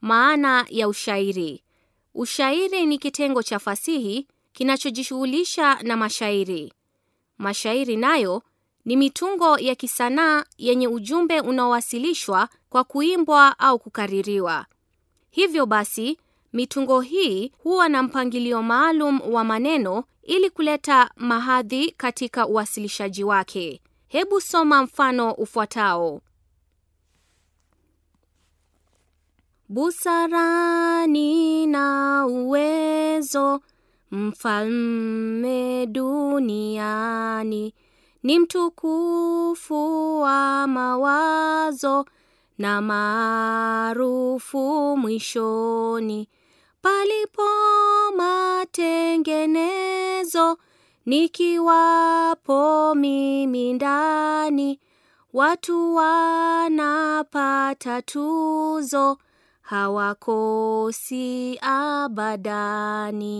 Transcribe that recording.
Maana ya ushairi. Ushairi ni kitengo cha fasihi kinachojishughulisha na mashairi. Mashairi nayo ni mitungo ya kisanaa yenye ujumbe unaowasilishwa kwa kuimbwa au kukaririwa. Hivyo basi, mitungo hii huwa na mpangilio maalum wa maneno ili kuleta mahadhi katika uwasilishaji wake. Hebu soma mfano ufuatao. Busara na uwezo, mfalme duniani, ni mtukufu wa mawazo na maarufu mwishoni. Palipo matengenezo, nikiwapo mimi ndani, watu wanapata tuzo hawakosi abadani.